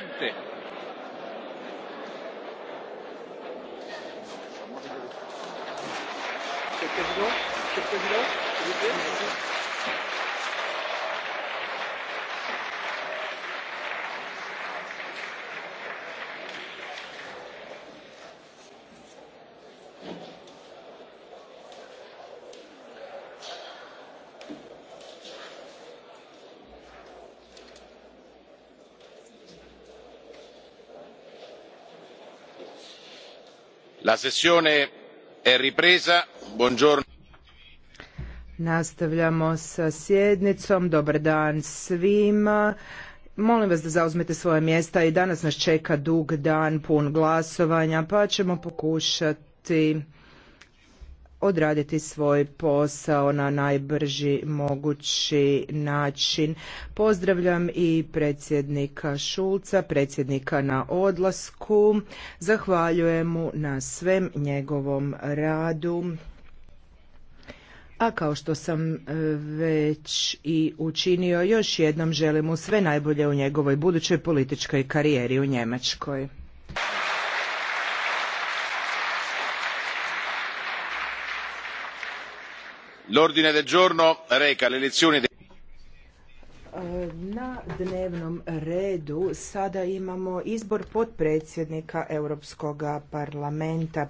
presidente La sessione Nastavljamo sa sjednicom. Dobar dan svima. Molim vas da zauzmete svoja mjesta i danas nas čeka dug dan pun glasovanja pa ćemo pokušati odraditi svoj posao na najbrži mogući način. Pozdravljam i predsjednika Šulca, predsjednika na odlasku. Zahvaljujem mu na svem njegovom radu. A kao što sam e, već i učinio, još jednom želim mu sve najbolje u njegovoj budućoj političkoj karijeri u Njemačkoj. l'ordine del na dnevnom redu sada imamo izbor potpredsjednika Europskog parlamenta.